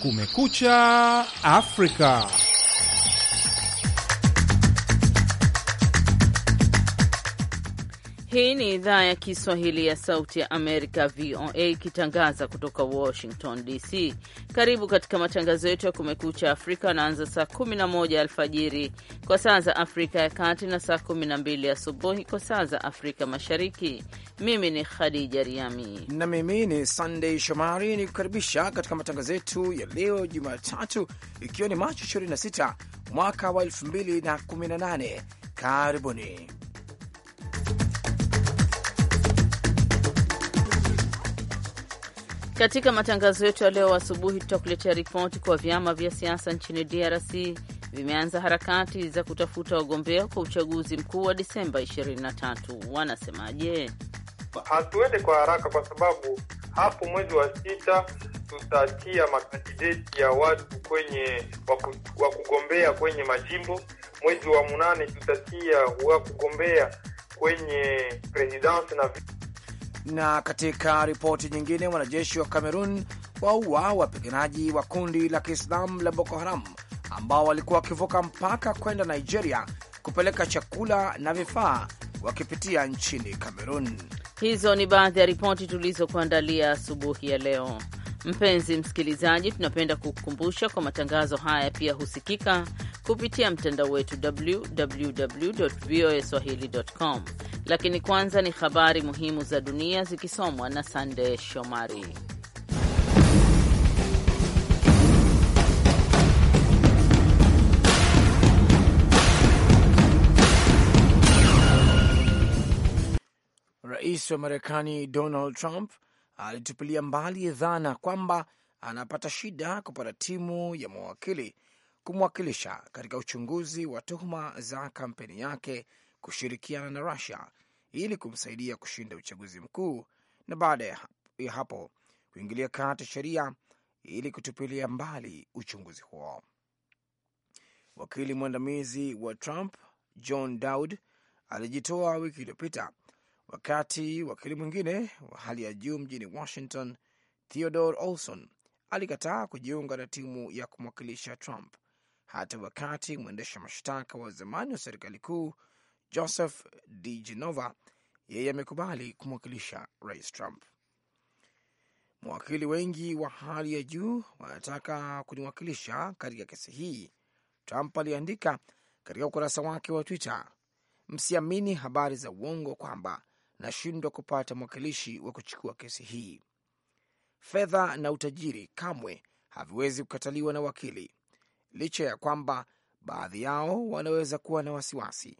Kumekucha Afrika. Hii ni idhaa ya Kiswahili ya Sauti ya Amerika, VOA, ikitangaza kutoka Washington DC. Karibu katika matangazo yetu ya Kumekucha Afrika anaanza saa 11 alfajiri kwa saa za Afrika ya Kati na saa 12 asubuhi kwa saa za Afrika Mashariki. Mimi ni Khadija Riami na mimi ni Sandei Shomari, ni kukaribisha katika matangazo yetu ya leo Jumatatu, ikiwa ni Machi 26 mwaka wa 2018. Karibuni. Katika matangazo yetu ya leo asubuhi, tutakuletea ripoti kwa vyama vya siasa nchini DRC vimeanza harakati za kutafuta wagombea kwa uchaguzi mkuu wa Disemba 23. Wanasemaje? Hatuende kwa haraka kwa sababu hapo mwezi wa sita tutatia makandideti ya watu kwenye wa kugombea kwenye majimbo. Mwezi wa munane tutatia wa kugombea kwenye presidensi na vitu na katika ripoti nyingine, wanajeshi wa Kamerun waua wapiganaji wa kundi la Kiislamu la Boko Haram ambao walikuwa wakivuka mpaka kwenda Nigeria kupeleka chakula na vifaa wakipitia nchini Kamerun. Hizo ni baadhi ya ripoti tulizokuandalia asubuhi ya leo. Mpenzi msikilizaji, tunapenda kukukumbusha kwa matangazo haya pia husikika kupitia mtandao wetu www voa swahili.com lakini kwanza ni habari muhimu za dunia zikisomwa na Sande Shomari. Rais wa Marekani Donald Trump alitupilia mbali dhana kwamba anapata shida kupata timu ya mawakili kumwakilisha katika uchunguzi wa tuhuma za kampeni yake kushirikiana na Rusia ili kumsaidia kushinda uchaguzi mkuu na baada ya hapo kuingilia kati sheria ili kutupilia mbali uchunguzi huo. Wakili mwandamizi wa Trump John Dowd alijitoa wiki iliyopita, wakati wakili mwingine wa hali ya juu mjini Washington Theodore Olson alikataa kujiunga na timu ya kumwakilisha Trump hata wakati mwendesha mashtaka wa zamani wa serikali kuu Joseph Di Genova yeye amekubali kumwakilisha Rais Trump. Mawakili wengi wa hali ya juu wanataka kuniwakilisha katika kesi hii, Trump aliandika katika ukurasa wake wa Twitter. Msiamini habari za uongo kwamba nashindwa kupata mwakilishi wa kuchukua kesi hii. Fedha na utajiri kamwe haviwezi kukataliwa na wakili, licha ya kwamba baadhi yao wanaweza kuwa na wasiwasi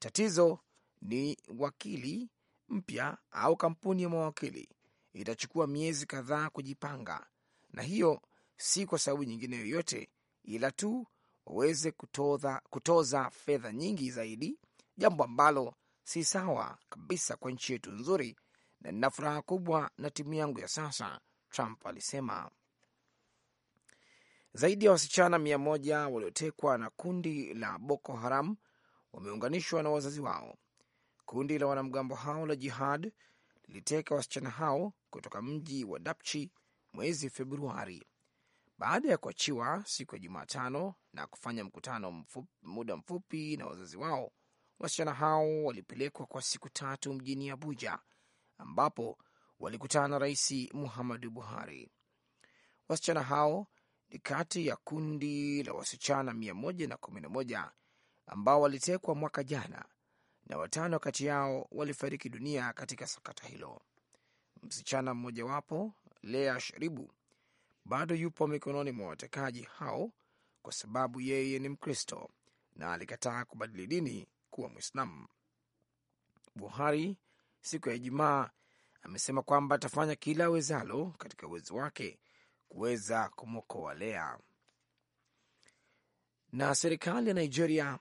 Tatizo ni wakili mpya au kampuni ya mawakili itachukua miezi kadhaa kujipanga, na hiyo si kwa sababu nyingine yoyote, ila tu waweze kutoza, kutoza fedha nyingi zaidi, jambo ambalo si sawa kabisa kwa nchi yetu nzuri, na nina furaha kubwa na timu yangu ya sasa, Trump alisema. Zaidi ya wasichana mia moja waliotekwa na kundi la Boko Haram wameunganishwa na wazazi wao. Kundi la wanamgambo hao la Jihad liliteka wasichana hao kutoka mji wa Dapchi mwezi Februari. Baada ya kuachiwa siku ya Jumatano na kufanya mkutano mfupi, muda mfupi na wazazi wao, wasichana hao walipelekwa kwa siku tatu mjini Abuja ambapo walikutana na Rais Muhammadu Buhari. Wasichana hao ni kati ya kundi la wasichana 111 ambao walitekwa mwaka jana na watano kati yao walifariki dunia katika sakata hilo. Msichana mmojawapo Lea Sharibu bado yupo mikononi mwa watekaji hao kwa sababu yeye ni Mkristo na alikataa kubadili dini kuwa Mwislamu. Buhari siku ya Ijumaa amesema kwamba atafanya kila awezalo katika uwezo wake kuweza kumwokoa Lea. Na serikali ya Nigeria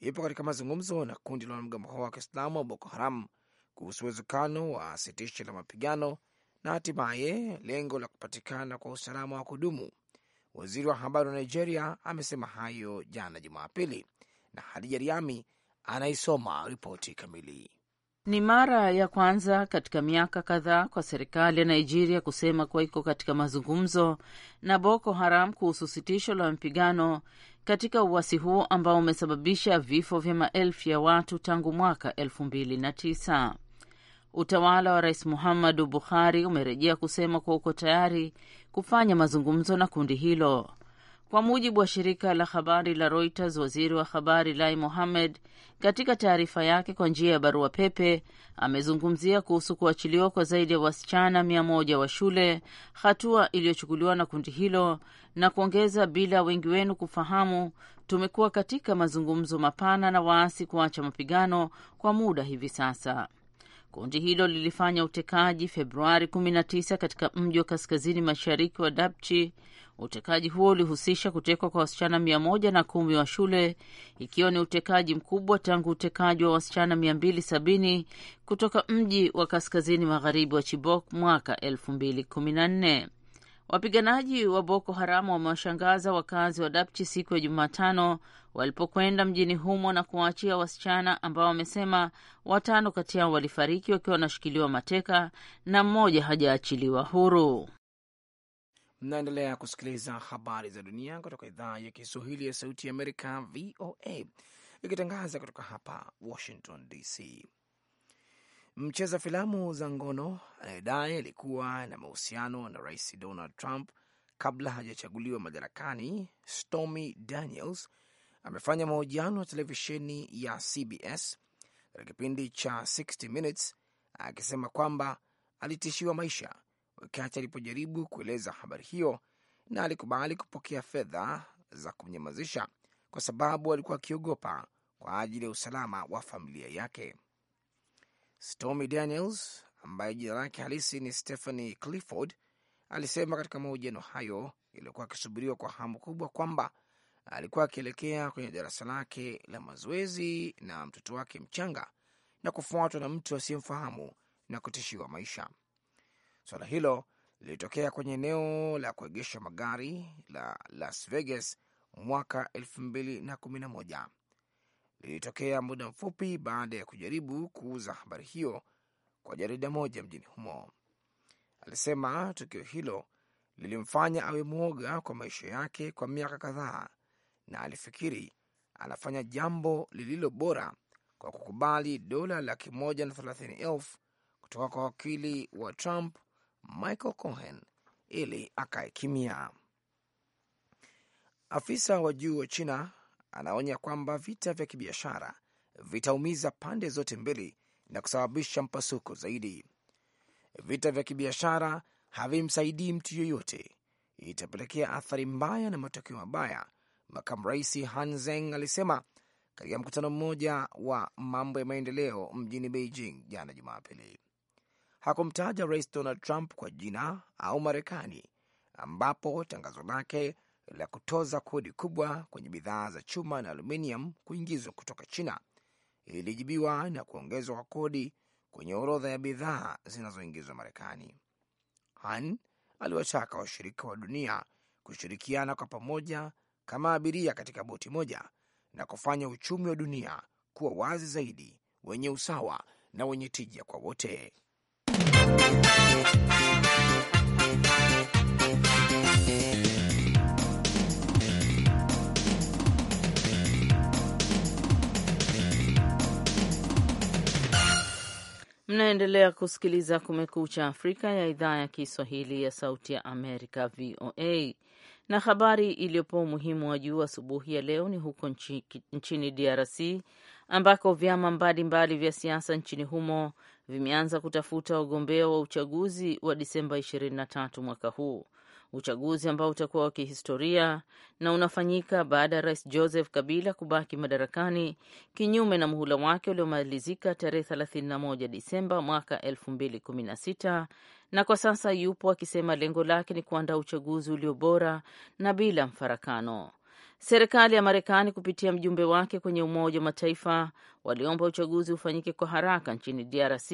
ipo katika mazungumzo na kundi la wanamgambo hao wa Kiislamu wa Boko Haram kuhusu uwezekano wa sitisho la mapigano na hatimaye lengo la kupatikana kwa usalama wa kudumu. Waziri wa habari wa Nigeria amesema hayo jana Jumapili, na Hadija Riami anaisoma ripoti kamili. Ni mara ya kwanza katika miaka kadhaa kwa serikali ya Nigeria kusema kuwa iko katika mazungumzo na Boko Haram kuhusu sitisho la mapigano katika uasi huo ambao umesababisha vifo vya maelfu ya watu tangu mwaka 29 Utawala wa Rais Muhammadu Buhari umerejea kusema kuwa uko tayari kufanya mazungumzo na kundi hilo. Kwa mujibu wa shirika la habari la Reuters, waziri wa habari Lai Mohammed katika taarifa yake kwa njia ya barua pepe amezungumzia kuhusu kuachiliwa kwa zaidi ya wasichana mia moja wa shule, hatua iliyochukuliwa na kundi hilo na kuongeza, bila wengi wenu kufahamu, tumekuwa katika mazungumzo mapana na waasi kuacha mapigano kwa muda hivi sasa. Kundi hilo lilifanya utekaji Februari 19 katika mji wa kaskazini mashariki wa Dapchi Utekaji huo ulihusisha kutekwa kwa wasichana mia moja na kumi wa shule ikiwa ni utekaji mkubwa tangu utekaji wa wasichana mia mbili sabini kutoka mji wa kaskazini magharibi wa Chibok mwaka elfu mbili kumi na nne. Wapiganaji wa Boko Haramu wamewashangaza wakazi wa Dapchi siku ya Jumatano walipokwenda mjini humo na kuwaachia wasichana ambao wamesema watano kati yao walifariki wakiwa wanashikiliwa mateka na mmoja hajaachiliwa huru. Mnaendelea kusikiliza habari za dunia kutoka idhaa ya Kiswahili ya Sauti ya Amerika, VOA, ikitangaza kutoka hapa Washington DC. Mcheza filamu za ngono anayedai alikuwa na mahusiano na Rais Donald Trump kabla hajachaguliwa madarakani, Stormy Daniels amefanya mahojiano ya televisheni ya CBS katika kipindi cha 60 Minutes akisema kwamba alitishiwa maisha wakati alipojaribu kueleza habari hiyo, na alikubali kupokea fedha za kumnyamazisha kwa sababu alikuwa akiogopa kwa ajili ya usalama wa familia yake. Stormy Daniels ambaye jina lake halisi ni Stephanie Clifford alisema katika mahojiano hayo yaliyokuwa akisubiriwa kwa hamu kubwa kwamba alikuwa akielekea kwenye darasa lake la mazoezi na mtoto wake mchanga na kufuatwa na mtu asiyemfahamu na kutishiwa maisha. Swala hilo lilitokea kwenye eneo la kuegesha magari la Las Vegas mwaka 2011. Lilitokea muda mfupi baada ya kujaribu kuuza habari hiyo kwa jarida moja mjini humo. Alisema tukio hilo lilimfanya awe mwoga kwa maisha yake kwa miaka kadhaa, na alifikiri anafanya jambo lililo bora kwa kukubali dola laki moja na thelathini elfu kutoka kwa wakili wa Trump Michael Cohen ili akae kimya. Afisa wa juu wa China anaonya kwamba vita vya kibiashara vitaumiza pande zote mbili na kusababisha mpasuko zaidi. Vita vya kibiashara havimsaidii mtu yoyote, itapelekea athari mbaya na matokeo mabaya, makamu rais Han Zeng alisema katika mkutano mmoja wa mambo ya maendeleo mjini Beijing jana Jumapili hakumtaja Rais Donald Trump kwa jina au Marekani, ambapo tangazo lake la kutoza kodi kubwa kwenye bidhaa za chuma na aluminium kuingizwa kutoka China ilijibiwa na kuongezwa kwa kodi kwenye orodha ya bidhaa zinazoingizwa Marekani. Han aliwataka washirika wa dunia kushirikiana kwa pamoja kama abiria katika boti moja na kufanya uchumi wa dunia kuwa wazi zaidi, wenye usawa na wenye tija kwa wote. Mnaendelea kusikiliza Kumekucha Afrika ya idhaa ya Kiswahili ya Sauti ya Amerika, VOA. Na habari iliyopewa umuhimu wa juu asubuhi ya leo ni huko nchini DRC ambako vyama mbalimbali vya siasa nchini humo vimeanza kutafuta wagombea wa uchaguzi wa Disemba 23 mwaka huu, uchaguzi ambao utakuwa wa kihistoria na unafanyika baada ya rais Joseph Kabila kubaki madarakani kinyume na muhula wake uliomalizika tarehe 31 Disemba mwaka 2016 na kwa sasa yupo akisema lengo lake ni kuandaa uchaguzi ulio bora na bila mfarakano. Serikali ya Marekani kupitia mjumbe wake kwenye Umoja wa Mataifa waliomba uchaguzi ufanyike kwa haraka nchini DRC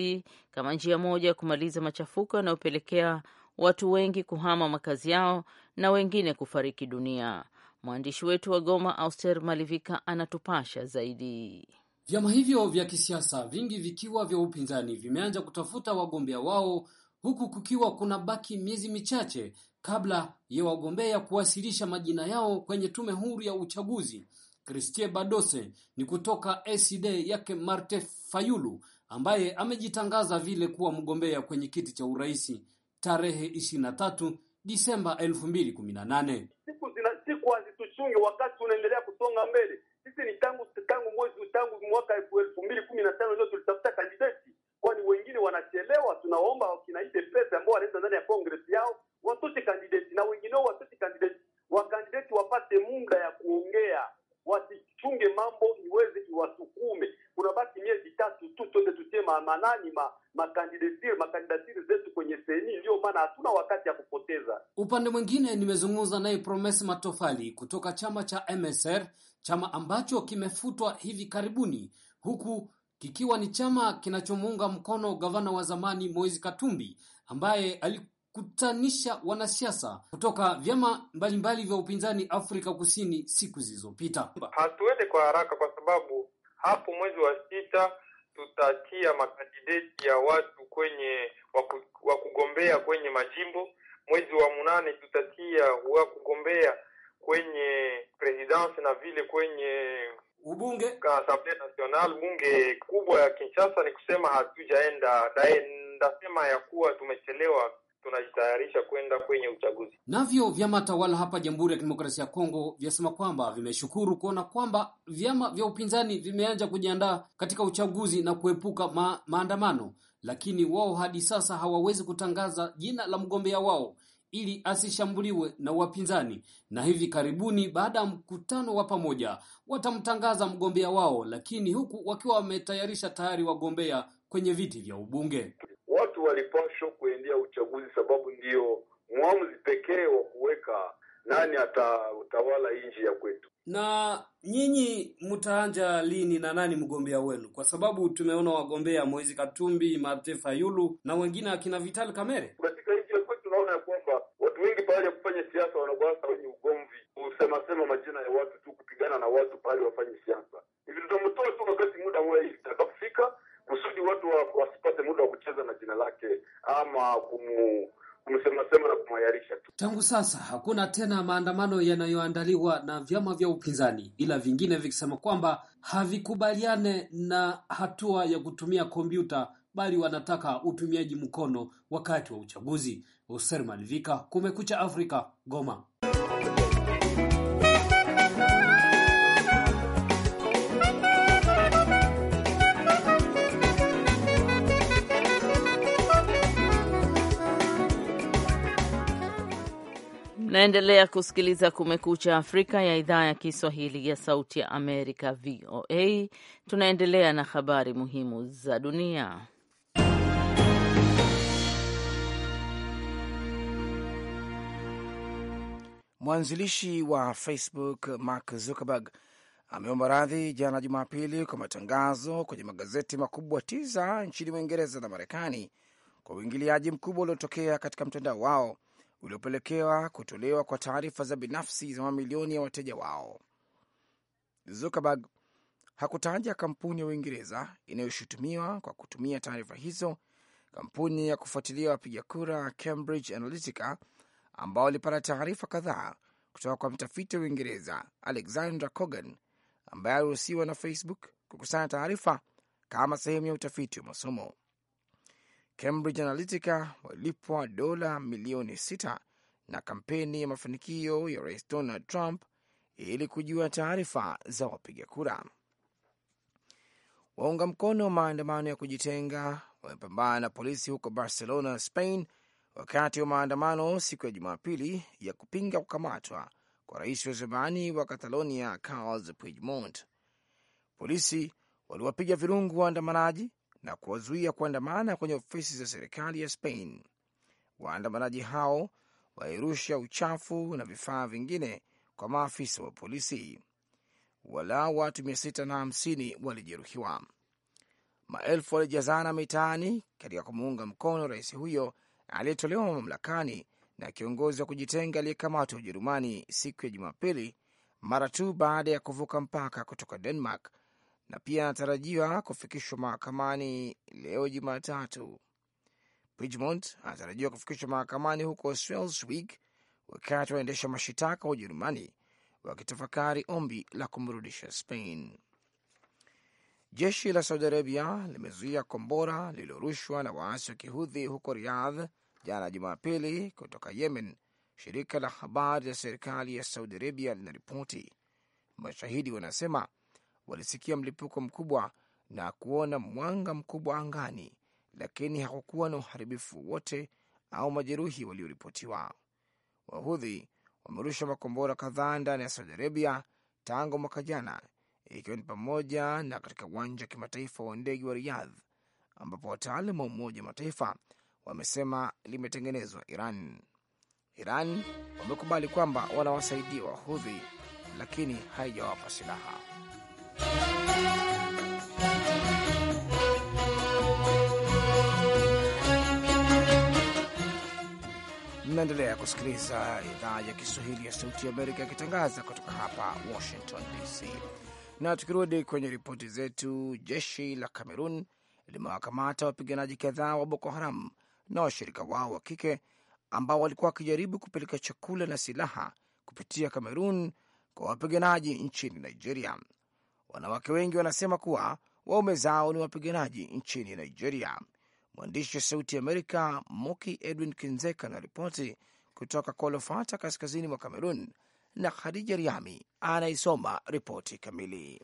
kama njia moja ya kumaliza machafuko yanayopelekea watu wengi kuhama makazi yao na wengine kufariki dunia. Mwandishi wetu wa Goma, Auster Malivika, anatupasha zaidi. Vyama hivyo vya kisiasa vingi vikiwa vya upinzani vimeanza kutafuta wagombea wao huku kukiwa kuna baki miezi michache kabla ya wagombea kuwasilisha majina yao kwenye tume huru ya uchaguzi. Christie Badose ni kutoka ACD yake Marte Fayulu ambaye amejitangaza vile kuwa mgombea kwenye kiti cha urais tarehe 23 Disemba 2018. Siku zina siku wakati unaendelea kusonga mbele. Sisi ni tangu upande mwingine, nimezungumza naye Promes Matofali kutoka chama cha MSR, chama ambacho kimefutwa hivi karibuni, huku kikiwa ni chama kinachomuunga mkono gavana wa zamani Moise Katumbi ambaye alikutanisha wanasiasa kutoka vyama mbalimbali vya upinzani Afrika Kusini siku zilizopita. Hatuende kwa haraka kwa sababu hapo mwezi wa sita tutatia makandideti ya watu kwenye wa wakugombea kwenye majimbo mwezi wa munane tutatia wa kugombea kwenye presidence na vile kwenye ubunge ka Assemblée Nationale, bunge kubwa ya Kinshasa. Ni kusema hatujaenda dae, ndasema ya kuwa tumechelewa, tunajitayarisha kwenda kwenye uchaguzi. Navyo vyama tawala hapa Jamhuri ya Kidemokrasia ya Kongo vyasema kwamba vimeshukuru kuona kwamba vyama vya upinzani vimeanza kujiandaa katika uchaguzi na kuepuka ma, maandamano lakini wao hadi sasa hawawezi kutangaza jina la mgombea wao ili asishambuliwe na wapinzani, na hivi karibuni, baada ya mkutano wa pamoja, watamtangaza mgombea wao, lakini huku wakiwa wametayarisha tayari wagombea kwenye viti vya ubunge. Watu walipashwa kuendea uchaguzi, sababu ndio mwamuzi pekee wa kuweka nani atatawala nchi ya kwetu. Na nyinyi mtaanja lini na nani mgombea wenu? Kwa sababu tumeona wagombea Moizi Katumbi, Martin Fayulu na wengine akina Vital Kamere. Tangu sasa hakuna tena maandamano yanayoandaliwa na vyama vya upinzani, ila vingine vikisema kwamba havikubaliane na hatua ya kutumia kompyuta, bali wanataka utumiaji mkono wakati wa uchaguzi. Hoser Malivika, Kumekucha Afrika, Goma. Naendelea kusikiliza Kumekucha Afrika ya idhaa ya Kiswahili ya Sauti ya Amerika, VOA. Tunaendelea na habari muhimu za dunia. Mwanzilishi wa Facebook Mark Zuckerberg ameomba radhi jana Jumapili kwa matangazo kwenye magazeti makubwa tisa nchini Uingereza na Marekani kwa uingiliaji mkubwa uliotokea katika mtandao wao uliopelekewa kutolewa kwa taarifa za binafsi za mamilioni ya wateja wao. Zuckerberg hakutaja kampuni ya Uingereza inayoshutumiwa kwa kutumia taarifa hizo, kampuni ya kufuatilia wapiga kura Cambridge Analytica ambao walipata taarifa kadhaa kutoka kwa mtafiti wa Uingereza Alexandra Cogan ambaye aliruhusiwa na Facebook kukusanya taarifa kama sehemu ya utafiti wa masomo. Cambridge Analytica walipwa dola milioni sita na kampeni ya mafanikio ya Rais Donald Trump ili kujua taarifa za wapiga kura. Waunga mkono maandamano ya kujitenga wamepambana na polisi huko Barcelona, Spain, wakati wa maandamano siku ya Jumapili ya kupinga kukamatwa kwa rais wa zamani wa Catalonia Carles Puigdemont. Polisi waliwapiga virungu waandamanaji na kuwazuia kuandamana kwenye ofisi za serikali ya Spain. Waandamanaji hao walirusha uchafu na vifaa vingine kwa maafisa wa polisi. Walau watu 650 walijeruhiwa. Maelfu walijazana mitaani katika kumuunga mkono rais huyo aliyetolewa mamlakani na kiongozi wa kujitenga aliyekamatwa Ujerumani siku ya Jumapili, mara tu baada ya kuvuka mpaka kutoka Denmark na pia anatarajiwa kufikishwa mahakamani leo Jumatatu. Puigdemont anatarajiwa kufikishwa mahakamani huko Schleswig wakati waendesha mashitaka wa Ujerumani wakitafakari ombi la kumrudisha Spain. Jeshi la Saudi Arabia limezuia kombora lililorushwa na waasi wa kihudhi huko Riyadh jana Jumapili kutoka Yemen, shirika la habari la serikali ya Saudi Arabia linaripoti. Mashahidi wanasema walisikia mlipuko mkubwa na kuona mwanga mkubwa angani, lakini hakukuwa na uharibifu wowote au majeruhi walioripotiwa. Wahudhi wamerusha makombora kadhaa ndani ya Saudi Arabia tangu mwaka jana, ikiwa ni pamoja na katika uwanja wa kimataifa wa ndege wa Riyadh ambapo wataalam wa Umoja wa Mataifa wamesema limetengenezwa Iran. Iran wamekubali kwamba wanawasaidia Wahudhi, lakini haijawapa silaha. Mnaendelea kusikiliza idhaa ya Kiswahili ya Sauti ya Amerika ikitangaza kutoka hapa Washington DC. Na tukirudi kwenye ripoti zetu, jeshi la Kamerun limewakamata wapiganaji kadhaa wa Boko Haram na washirika wao wa kike ambao walikuwa wakijaribu kupeleka chakula na silaha kupitia Kamerun kwa wapiganaji nchini Nigeria. Wanawake wengi wanasema kuwa waume zao ni wapiganaji nchini Nigeria. Mwandishi wa Sauti Amerika Moki Edwin Kinzeka anaripoti kutoka Kolofata, kaskazini mwa Kamerun, na Khadija Riami anaisoma ripoti kamili.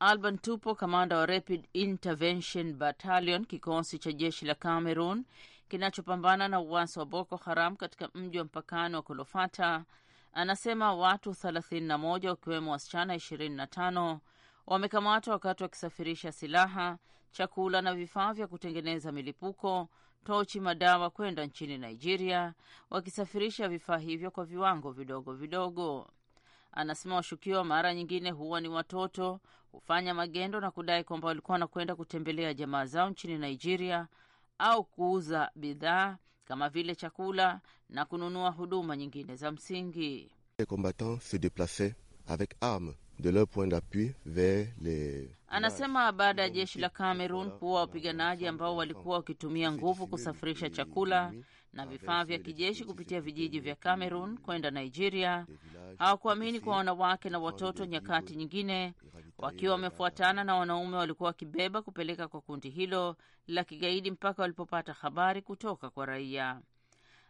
Alban Tupo, kamanda wa Rapid Intervention Battalion, kikosi cha jeshi la Cameroon kinachopambana na uasi wa Boko Haram katika mji wa mpakani wa Kolofata, anasema watu 31 wakiwemo wasichana 25 wamekamatwa wakati wakisafirisha silaha chakula na vifaa vya kutengeneza milipuko, tochi, madawa kwenda nchini Nigeria, wakisafirisha vifaa hivyo kwa viwango vidogo vidogo. Anasema washukiwa mara nyingine huwa ni watoto, hufanya magendo na kudai kwamba walikuwa wanakwenda kutembelea jamaa zao nchini Nigeria au kuuza bidhaa kama vile chakula na kununua huduma nyingine za msingi. Les combattants se déplaçaient avec armes de leur point d'appui vers les Anasema baada ya jeshi la Cameroon kuwa wapiganaji ambao walikuwa wakitumia nguvu kusafirisha chakula na vifaa vya kijeshi kupitia vijiji vya Cameroon kwenda Nigeria, hawakuamini kwa wanawake na watoto, nyakati nyingine wakiwa wamefuatana na wanaume walikuwa wakibeba kupeleka kwa kundi hilo la kigaidi, mpaka walipopata habari kutoka kwa raia.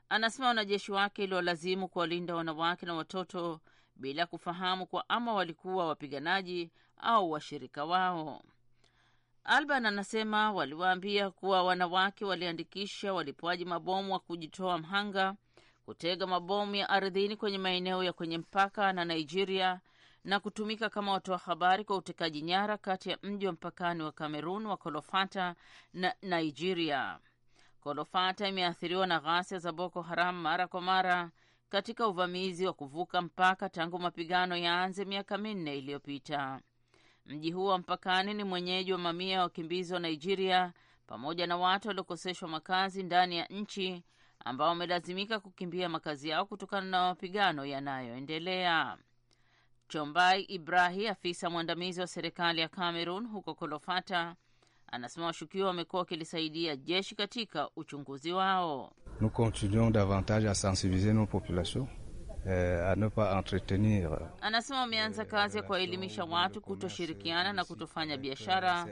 Anasema wanajeshi wake iliwalazimu kuwalinda wanawake na watoto bila kufahamu kwa ama walikuwa wapiganaji au washirika wao. Alban anasema waliwaambia kuwa wanawake waliandikisha walipuaji mabomu wa kujitoa mhanga kutega mabomu ya ardhini kwenye maeneo ya kwenye mpaka na Nigeria na kutumika kama watoa habari kwa utekaji nyara kati ya mji wa mpakani wa Kamerun wa Kolofata na Nigeria. Kolofata imeathiriwa na ghasia za Boko Haram mara kwa mara katika uvamizi wa kuvuka mpaka tangu mapigano yaanze miaka minne iliyopita. Mji huo wa mpakani ni mwenyeji wa mamia ya wakimbizi wa Nigeria pamoja na watu waliokoseshwa makazi ndani ya nchi ambao wamelazimika kukimbia makazi yao kutokana na mapigano yanayoendelea. Chombai Ibrahi, afisa mwandamizi wa serikali ya Cameroon huko Kolofata, anasema washukiwa wamekuwa wakilisaidia jeshi katika uchunguzi wao. Nous continuons davantage sensibiliser nos populations eh, entretenir. Eh, anasema wameanza kazi ya kuwaelimisha watu kutoshirikiana na kutofanya biashara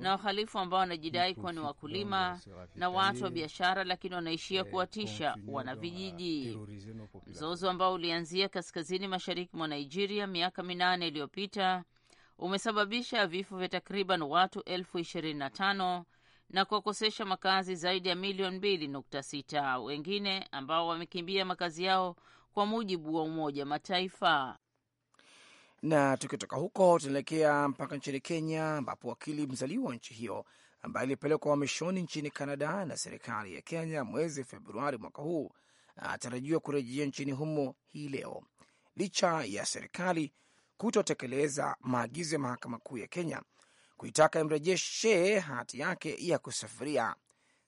na wahalifu ambao wanajidai kuwa ni wakulima na watu wa biashara, lakini wanaishia kuwatisha wanavijiji. Mzozo ambao ulianzia kaskazini mashariki mwa Nigeria miaka minane iliyopita umesababisha vifo vya takriban watu elfu ishirini na tano na kuwakosesha makazi zaidi ya milioni mbili nukta sita wengine ambao wamekimbia makazi yao kwa mujibu wa Umoja Mataifa. Na tukitoka huko tunaelekea mpaka nchini Kenya, ambapo wakili mzaliwa wa nchi hiyo ambaye alipelekwa wamishoni nchini Kanada na serikali ya Kenya mwezi Februari mwaka huu anatarajiwa kurejea nchini humo hii leo licha ya serikali kutotekeleza maagizo ya mahakama kuu ya Kenya kuitaka imrejeshe hati yake ya kusafiria.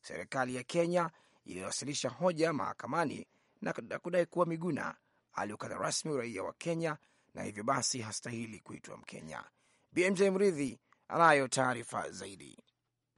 Serikali ya Kenya iliwasilisha hoja mahakamani na kudai kuwa Miguna aliokata rasmi uraia wa Kenya na hivyo basi hastahili kuitwa Mkenya. BMJ Mridhi anayo taarifa zaidi.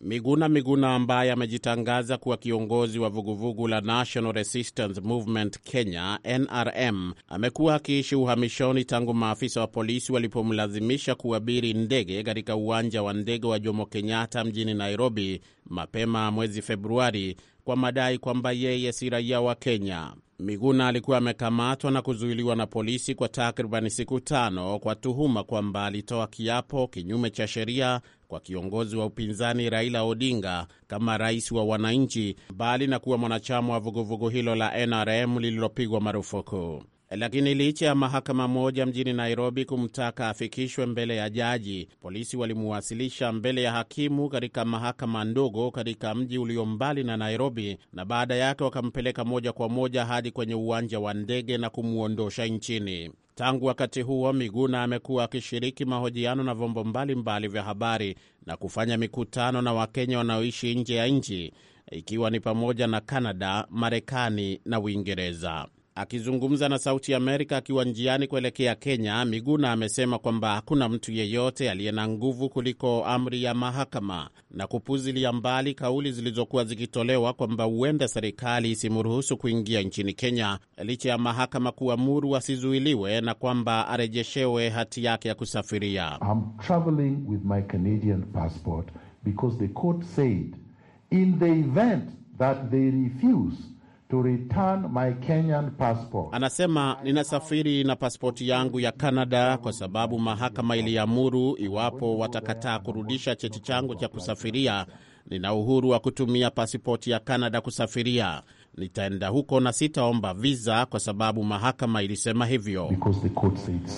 Miguna Miguna ambaye amejitangaza kuwa kiongozi wa vuguvugu la National Resistance Movement Kenya NRM amekuwa akiishi uhamishoni tangu maafisa wa polisi walipomlazimisha kuabiri ndege katika uwanja wa ndege wa Jomo Kenyatta mjini Nairobi mapema mwezi Februari kwa madai kwamba yeye si raia wa Kenya. Miguna alikuwa amekamatwa na kuzuiliwa na polisi kwa takribani siku tano kwa tuhuma kwamba alitoa kiapo kinyume cha sheria kwa kiongozi wa upinzani Raila Odinga kama rais wa wananchi, mbali na kuwa mwanachama wa vuguvugu hilo la NRM lililopigwa marufuku. Lakini licha ya mahakama moja mjini Nairobi kumtaka afikishwe mbele ya jaji, polisi walimuwasilisha mbele ya hakimu katika mahakama ndogo katika mji ulio mbali na Nairobi, na baada yake wakampeleka moja kwa moja hadi kwenye uwanja wa ndege na kumwondosha nchini. Tangu wakati huo Miguna amekuwa akishiriki mahojiano na vyombo mbalimbali vya habari na kufanya mikutano na Wakenya wanaoishi nje ya nchi, ikiwa ni pamoja na Kanada, Marekani na Uingereza. Akizungumza na Sauti ya Amerika akiwa njiani kuelekea Kenya, Miguna amesema kwamba hakuna mtu yeyote aliye na nguvu kuliko amri ya mahakama na kupuzilia mbali kauli zilizokuwa zikitolewa kwamba huenda serikali isimruhusu kuingia nchini Kenya licha ya mahakama kuamuru asizuiliwe na kwamba arejeshewe hati yake ya kusafiria. I'm to return my Kenyan passport. Anasema ninasafiri na pasipoti yangu ya Kanada kwa sababu mahakama iliamuru iwapo watakataa kurudisha cheti changu cha kusafiria, nina uhuru wa kutumia pasipoti ya Kanada kusafiria litaenda huko na sitaomba viza kwa sababu mahakama ilisema hivyo.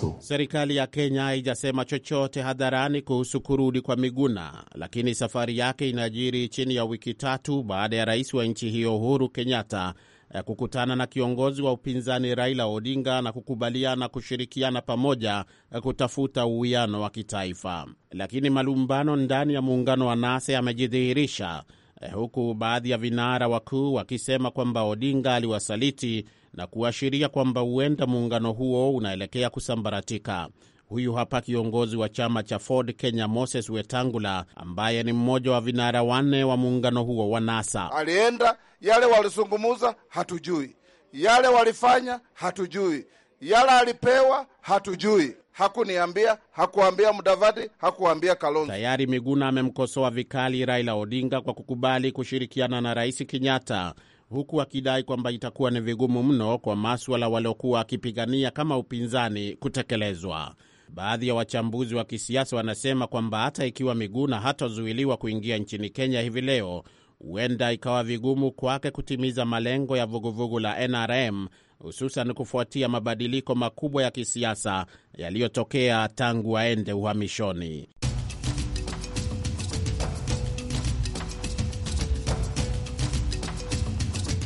So. Serikali ya Kenya haijasema chochote hadharani kuhusu kurudi kwa Miguna, lakini safari yake inajiri chini ya wiki tatu baada ya rais wa nchi hiyo Uhuru Kenyatta eh, kukutana na kiongozi wa upinzani Raila Odinga na kukubaliana kushirikiana pamoja eh, kutafuta uwiano wa kitaifa. Lakini malumbano ndani ya muungano wa NASA yamejidhihirisha Eh, huku baadhi ya vinara wakuu wakisema kwamba Odinga aliwasaliti na kuashiria kwamba huenda muungano huo unaelekea kusambaratika. Huyu hapa kiongozi wa chama cha Ford Kenya, Moses Wetangula, ambaye ni mmoja wa vinara wanne wa muungano huo wa NASA. Alienda yale walizungumuza, hatujui yale walifanya, hatujui yale alipewa, hatujui. Hakuniambia, hakuambia Mudavadi, hakuambia Kalonzo. Tayari Miguna amemkosoa vikali Raila Odinga kwa kukubali kushirikiana na Rais Kenyatta, huku akidai kwamba itakuwa ni vigumu mno kwa maswala waliokuwa akipigania kama upinzani kutekelezwa. Baadhi ya wachambuzi wa kisiasa wanasema kwamba hata ikiwa Miguna hatazuiliwa kuingia nchini Kenya hivi leo, huenda ikawa vigumu kwake kutimiza malengo ya vuguvugu la NRM hususan kufuatia mabadiliko makubwa ya kisiasa yaliyotokea tangu aende uhamishoni.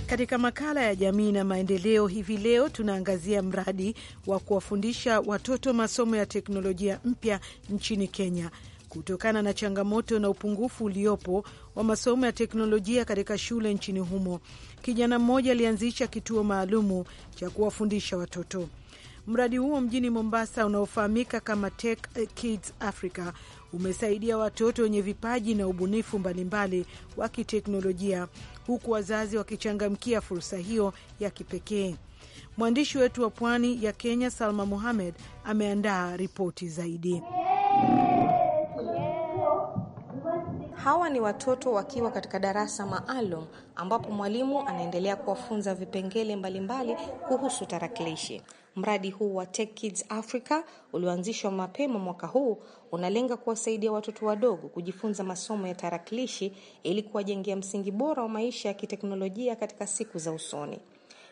Katika makala ya jamii na maendeleo hivi leo tunaangazia mradi wa kuwafundisha watoto masomo ya teknolojia mpya nchini Kenya kutokana na changamoto na upungufu uliopo wa masomo ya teknolojia katika shule nchini humo, kijana mmoja alianzisha kituo maalumu cha kuwafundisha watoto. Mradi huo mjini Mombasa unaofahamika kama Tech Kids Africa umesaidia watoto wenye vipaji na ubunifu mbalimbali wa kiteknolojia, huku wazazi wakichangamkia fursa hiyo ya kipekee. Mwandishi wetu wa pwani ya Kenya, Salma muhamed ameandaa ripoti zaidi. Hawa ni watoto wakiwa katika darasa maalum ambapo mwalimu anaendelea kuwafunza vipengele mbalimbali kuhusu tarakilishi. Mradi huu wa Tech Kids Africa ulioanzishwa mapema mwaka huu unalenga kuwasaidia watoto wadogo kujifunza masomo ya tarakilishi ili kuwajengea msingi bora wa maisha ya kiteknolojia katika siku za usoni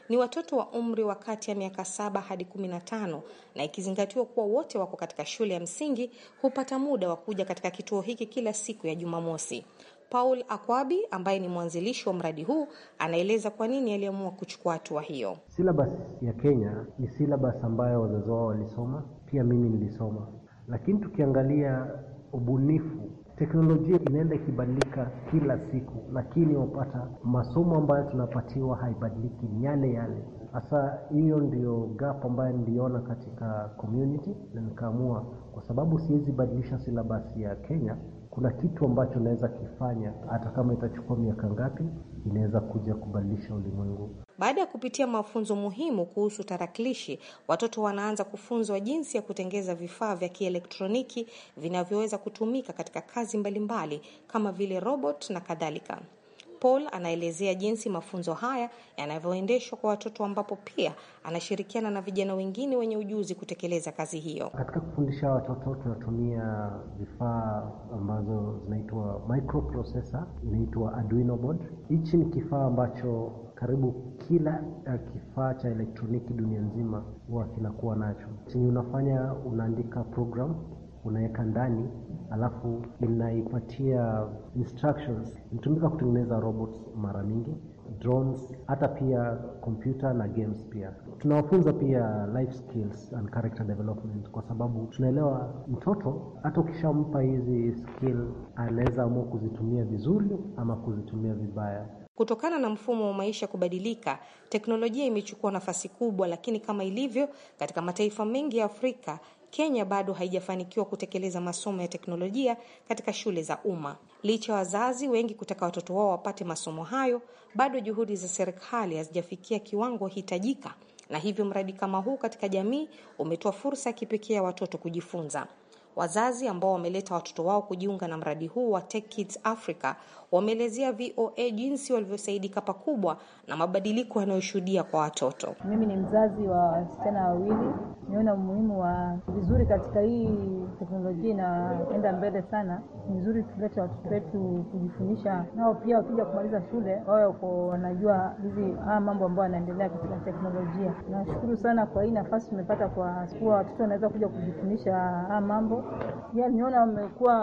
ni watoto wa umri wa kati ya miaka saba hadi kumi na tano na ikizingatiwa kuwa wote wako katika shule ya msingi hupata muda wa kuja katika kituo hiki kila siku ya Jumamosi. Paul Akwabi ambaye ni mwanzilishi wa mradi huu anaeleza kwa nini aliamua kuchukua hatua hiyo. Silabas ya Kenya ni silabas ambayo wazazi wao walisoma, pia mimi nilisoma, lakini tukiangalia ubunifu Teknolojia inaenda ikibadilika kila siku, lakini wapata masomo ambayo tunapatiwa haibadiliki, ni yale yale. Hasa hiyo ndio gap ambayo niliona katika community, na nikaamua kwa sababu siwezi badilisha silabasi ya Kenya, kuna kitu ambacho naweza kifanya, hata kama itachukua miaka ngapi, inaweza kuja kubadilisha ulimwengu. Baada ya kupitia mafunzo muhimu kuhusu tarakilishi, watoto wanaanza kufunzwa jinsi ya kutengeza vifaa vya kielektroniki vinavyoweza kutumika katika kazi mbalimbali mbali, kama vile robot na kadhalika. Paul anaelezea jinsi mafunzo haya yanavyoendeshwa kwa watoto ambapo pia anashirikiana na vijana wengine wenye ujuzi kutekeleza kazi hiyo. Katika kufundisha watoto tunatumia vifaa ambazo zinaitwa microprocessor, inaitwa Arduino board. Hichi ni kifaa ambacho karibu kila uh, kifaa cha elektroniki dunia nzima huwa kinakuwa nacho. Chenye unafanya unaandika program unaweka ndani, alafu inaipatia instructions. Inatumika kutengeneza robots mara mingi, drones, hata pia kompyuta na games pia. Tunawafunza pia life skills and character development, kwa sababu tunaelewa mtoto, hata ukishampa hizi skill anaweza amua kuzitumia vizuri ama kuzitumia vibaya. Kutokana na mfumo wa maisha kubadilika, teknolojia imechukua nafasi kubwa, lakini kama ilivyo katika mataifa mengi ya Afrika, Kenya bado haijafanikiwa kutekeleza masomo ya teknolojia katika shule za umma. Licha ya wazazi wengi kutaka watoto wao wapate masomo hayo, bado juhudi za serikali hazijafikia kiwango hitajika, na hivyo mradi kama huu katika jamii umetoa fursa ya kipekee ya watoto kujifunza. Wazazi ambao wameleta watoto wao kujiunga na mradi huu wa Tech Kids Africa wameelezea VOA jinsi walivyosaidika pakubwa na mabadiliko yanayoshuhudia kwa watoto. Mimi ni mzazi wa wasichana wawili, niona umuhimu wa vizuri katika hii teknolojia inaenda mbele sana. Ni vizuri tulete watoto wetu kujifundisha nao, pia wakija kumaliza shule wawe wanajua hizi haya mambo ambayo yanaendelea katika teknolojia. Nashukuru sana kwa hii nafasi tumepata, kwa kuwa watoto wanaweza kuja kujifundisha haya mambo Yeah, niona wamekuwa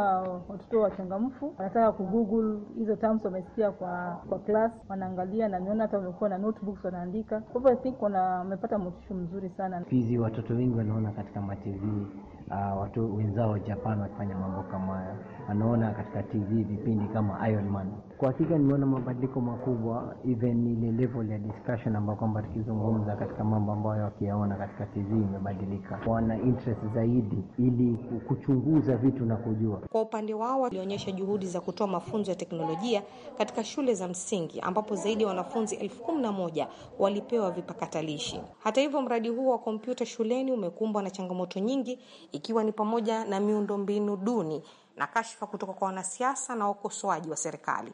watoto wachangamfu, wanataka kugoogle hizo terms wamesikia kwa kwa class, wanaangalia na niona hata wamekuwa na notebooks wanaandika. Kwa hivyo I think wamepata motisho mzuri sana. Fizi watoto wengi wanaona katika ma TV uh, ah, watu wenzao Japan wakifanya mambo kama hayo, wanaona katika TV vipindi kama Iron Man kwa hakika nimeona mabadiliko makubwa even ile level ya discussion ambayo kwamba tukizungumza katika mambo ambayo wakiyaona katika TV imebadilika, wana interest zaidi ili kuchunguza vitu na kujua. Kwa upande wao walionyesha juhudi za kutoa mafunzo ya teknolojia katika shule za msingi ambapo zaidi ya wanafunzi elfu kumi na moja walipewa vipakatalishi. Hata hivyo, mradi huo wa kompyuta shuleni umekumbwa na changamoto nyingi, ikiwa ni pamoja na miundombinu duni na kashfa kutoka kwa wanasiasa na wakosoaji wa serikali.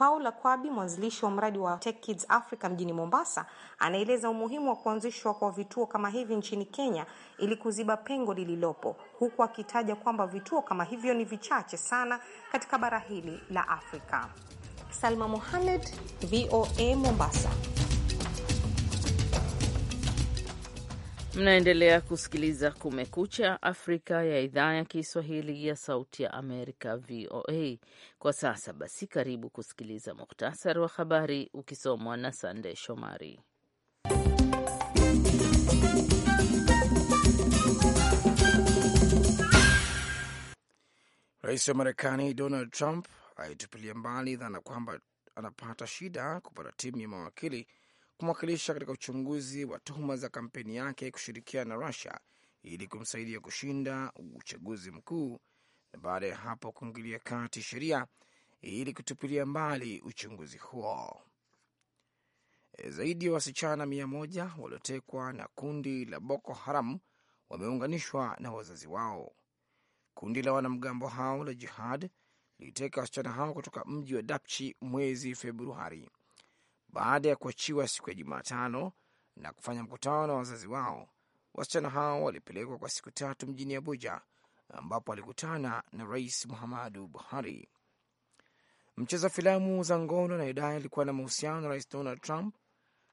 Paula Kwabi, mwanzilishi wa mradi wa Tech Kids Africa mjini Mombasa, anaeleza umuhimu wa kuanzishwa kwa vituo kama hivi nchini Kenya ili kuziba pengo lililopo, huku akitaja kwamba vituo kama hivyo ni vichache sana katika bara hili la Afrika. Salma Mohamed, VOA Mombasa. Mnaendelea kusikiliza Kumekucha Afrika ya idhaa ya Kiswahili ya Sauti ya Amerika, VOA. Kwa sasa basi, karibu kusikiliza muhtasari wa habari ukisomwa na Sande Shomari. Rais wa Marekani Donald Trump aitupilia mbali dhana kwamba anapata shida kupata timu ya mawakili kumwakilisha katika uchunguzi wa tuhuma za kampeni yake kushirikiana na Rusia ili kumsaidia kushinda uchaguzi mkuu na baada ya hapo kuingilia kati sheria ili kutupilia mbali uchunguzi huo. E, zaidi ya wasichana mia moja waliotekwa na kundi la Boko Haram wameunganishwa na wazazi wao. Kundi la wanamgambo hao la jihad liliteka wasichana hao kutoka mji wa Dapchi mwezi Februari. Baada ya kuachiwa siku ya Jumatano na kufanya mkutano na wazazi wao, wasichana hao walipelekwa kwa siku tatu mjini Abuja ambapo alikutana na Rais Muhammadu Buhari. Mcheza filamu za ngono anayedai alikuwa na mahusiano na Rais Donald Trump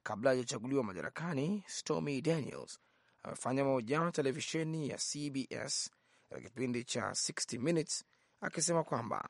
kabla hajachaguliwa madarakani, Stormy Daniels amefanya mahojiano na televisheni ya CBS katika kipindi cha 60 Minutes akisema kwamba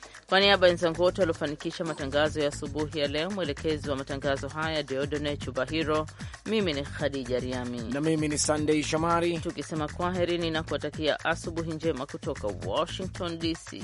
Kwa niaba ya wenzangu wote waliofanikisha matangazo ya asubuhi ya leo, mwelekezi wa matangazo haya Deodone Chubahiro, mimi ni Khadija Riami na mimi ni Sandei Shomari, tukisema kwaherini na kuwatakia asubuhi njema kutoka Washington DC.